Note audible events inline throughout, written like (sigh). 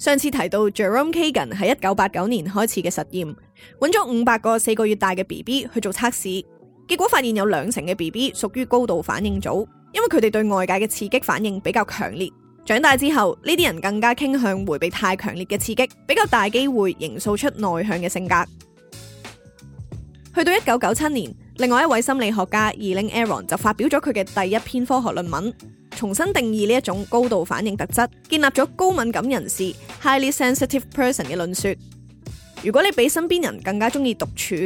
上次提到 Jerome Kagan 喺一九八九年開始嘅實驗，揾咗五百個四個月大嘅 BB 去做測試，結果發現有兩成嘅 BB 屬於高度反應組，因為佢哋對外界嘅刺激反應比較強烈。長大之後，呢啲人更加傾向回避太強烈嘅刺激，比較大機會形塑出內向嘅性格。去到一九九七年，另外一位心理學家 Elaine Aron 就發表咗佢嘅第一篇科學論文，重新定義呢一種高度反應特質，建立咗高敏感人士。Highly sensitive person 嘅論說，如果你比身邊人更加中意獨處，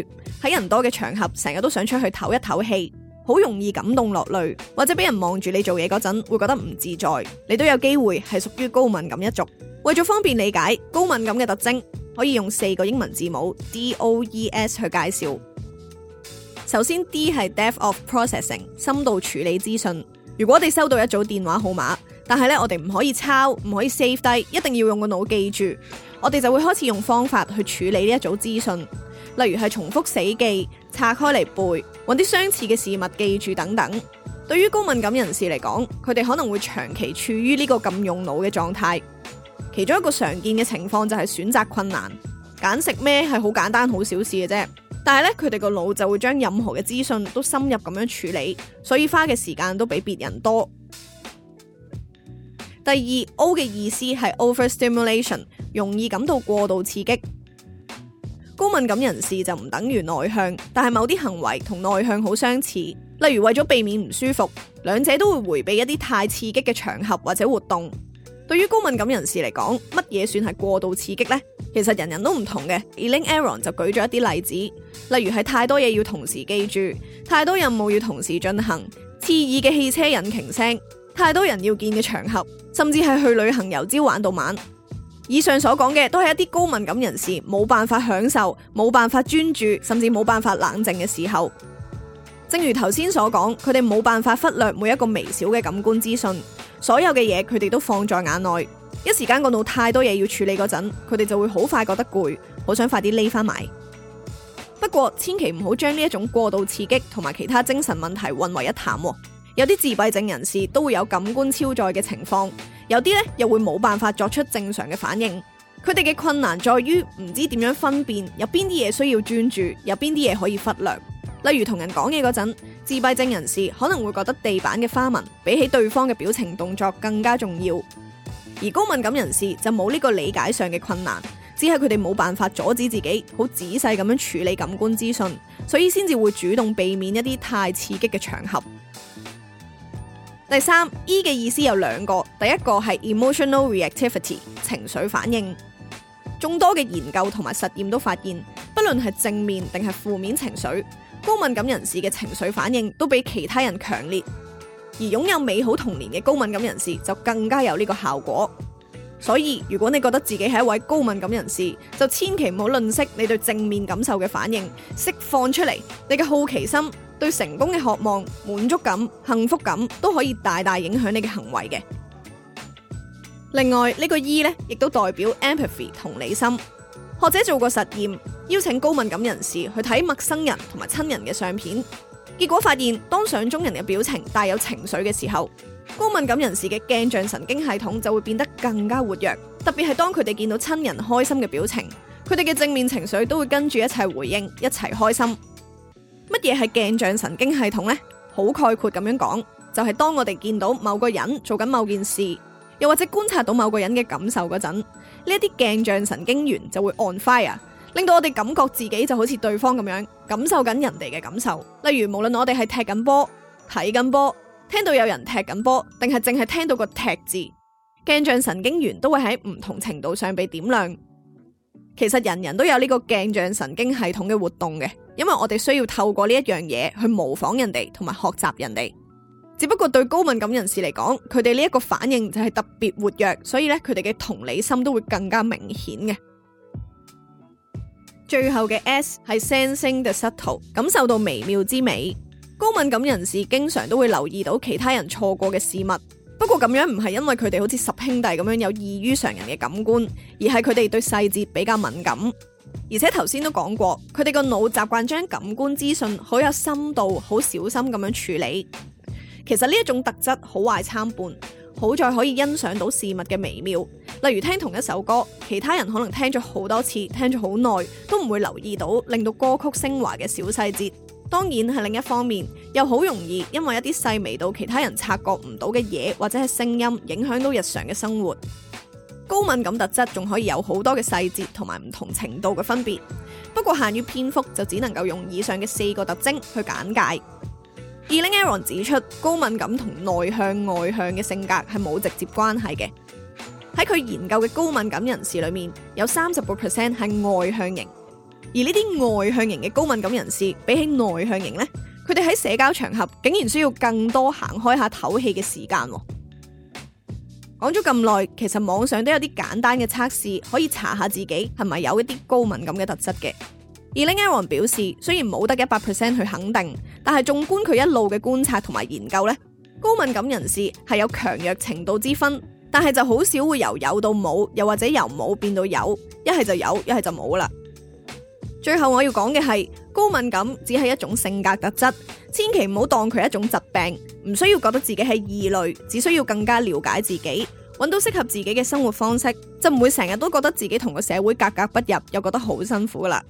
喺人多嘅場合成日都想出去唞一唞氣，好容易感動落淚，或者俾人望住你做嘢嗰陣會覺得唔自在，你都有機會係屬於高敏感一族。為咗方便理解，高敏感嘅特徵可以用四個英文字母 D O E S 去介紹。首先 D 係 depth of processing 深度處理資訊，如果你收到一組電話號碼。但係咧，我哋唔可以抄，唔可以 save 低，一定要用個腦記住。我哋就會開始用方法去處理呢一組資訊，例如係重複死記、拆開嚟背、揾啲相似嘅事物記住等等。對於高敏感人士嚟講，佢哋可能會長期處於呢個咁用腦嘅狀態。其中一個常見嘅情況就係選擇困難，揀食咩係好簡單好小事嘅啫。但係咧，佢哋個腦就會將任何嘅資訊都深入咁樣處理，所以花嘅時間都比別人多。第二，O 嘅意思係 overstimulation，容易感到過度刺激。高敏感人士就唔等於內向，但係某啲行為同內向好相似，例如為咗避免唔舒服，兩者都會回避一啲太刺激嘅場合或者活動。對於高敏感人士嚟講，乜嘢算係過度刺激呢？其實人人都唔同嘅。Elin Aaron 就舉咗一啲例子，例如係太多嘢要同時記住，太多任務要同時進行，刺耳嘅汽車引擎聲。太多人要見嘅場合，甚至係去旅行由朝玩到晚。以上所講嘅都係一啲高敏感人士，冇辦法享受、冇辦法專注，甚至冇辦法冷靜嘅時候。正如頭先所講，佢哋冇辦法忽略每一個微小嘅感官資訊，所有嘅嘢佢哋都放在眼內。一時間個腦太多嘢要處理嗰陣，佢哋就會好快覺得攰，好想快啲匿翻埋。不過，千祈唔好將呢一種過度刺激同埋其他精神問題混為一談。有啲自閉症人士都會有感官超載嘅情況，有啲咧又會冇辦法作出正常嘅反應。佢哋嘅困難在於唔知點樣分辨有邊啲嘢需要專注，有邊啲嘢可以忽略。例如同人講嘢嗰陣，自閉症人士可能會覺得地板嘅花紋比起對方嘅表情動作更加重要，而高敏感人士就冇呢個理解上嘅困難，只係佢哋冇辦法阻止自己好仔細咁樣處理感官資訊，所以先至會主動避免一啲太刺激嘅場合。第三，E 嘅意思有兩個，第一個係 emotional reactivity 情緒反應。眾多嘅研究同埋實驗都發現，不論係正面定係負面情緒，高敏感人士嘅情緒反應都比其他人強烈。而擁有美好童年嘅高敏感人士就更加有呢個效果。所以如果你覺得自己係一位高敏感人士，就千祈唔好吝嗇你對正面感受嘅反應，釋放出嚟你嘅好奇心。對成功嘅渴望、滿足感、幸福感都可以大大影響你嘅行為嘅。另外，呢個 E 呢，亦都代表 empathy 同理心。學者做過實驗，邀請高敏感人士去睇陌生人同埋親人嘅相片，結果發現，當相中人嘅表情帶有情緒嘅時候，高敏感人士嘅鏡像神經系統就會變得更加活躍。特別係當佢哋見到親人開心嘅表情，佢哋嘅正面情緒都會跟住一齊回應，一齊開心。乜嘢係鏡像神經系統呢？好概括咁樣講，就係當我哋見到某個人做緊某件事，又或者觀察到某個人嘅感受嗰陣，呢啲鏡像神經元就會 on fire，令到我哋感覺自己就好似對方咁樣感受緊人哋嘅感受。例如，無論我哋係踢緊波、睇緊波、聽到有人踢緊波，定係淨係聽到個踢字，鏡像神經元都會喺唔同程度上被點亮。其實人人都有呢個鏡像神經系統嘅活動嘅。因為我哋需要透過呢一樣嘢去模仿人哋同埋學習人哋，只不過對高敏感人士嚟講，佢哋呢一個反應就係特別活躍，所以咧佢哋嘅同理心都會更加明顯嘅。 (music) 最後嘅 S 係 sensing the subtlety，感受到微妙之美。高敏感人士經常都會留意到其他人錯過嘅事物，不過咁樣唔係因為佢哋好似十兄弟咁樣有異於常人嘅感官，而係佢哋對細節比較敏感。而且頭先都講過，佢哋個腦習慣將感官資訊好有深度、好小心咁樣處理。其實呢一種特質好壞參半，好在可以欣賞到事物嘅微妙，例如聽同一首歌，其他人可能聽咗好多次、聽咗好耐都唔會留意到令到歌曲升華嘅小細節。當然係另一方面，又好容易因為一啲細微到其他人察覺唔到嘅嘢或者係聲音，影響到日常嘅生活。高敏感特質仲可以有好多嘅細節同埋唔同程度嘅分別，不過限於篇幅就只能夠用以上嘅四個特徵去簡介。而 Elaine Aron 指出，高敏感同內向外向嘅性格係冇直接關係嘅。喺佢研究嘅高敏感人士裏面，有三十個 percent 係外向型，而呢啲外向型嘅高敏感人士比起內向型呢，佢哋喺社交場合竟然需要更多行開下透氣嘅時間。講咗咁耐，其實網上都有啲簡單嘅測試，可以查下自己係咪有一啲高敏感嘅特質嘅。而 linker 王表示，雖然冇得一百 percent 去肯定，但係縱觀佢一路嘅觀察同埋研究呢，高敏感人士係有強弱程度之分，但係就好少會由有到冇，又或者由冇變到有，一係就有，一係就冇啦。最後我要講嘅係。高敏感只係一種性格特質，千祈唔好當佢一種疾病，唔需要覺得自己係異類，只需要更加了解自己，揾到適合自己嘅生活方式，就唔會成日都覺得自己同個社會格格不入，又覺得好辛苦啦。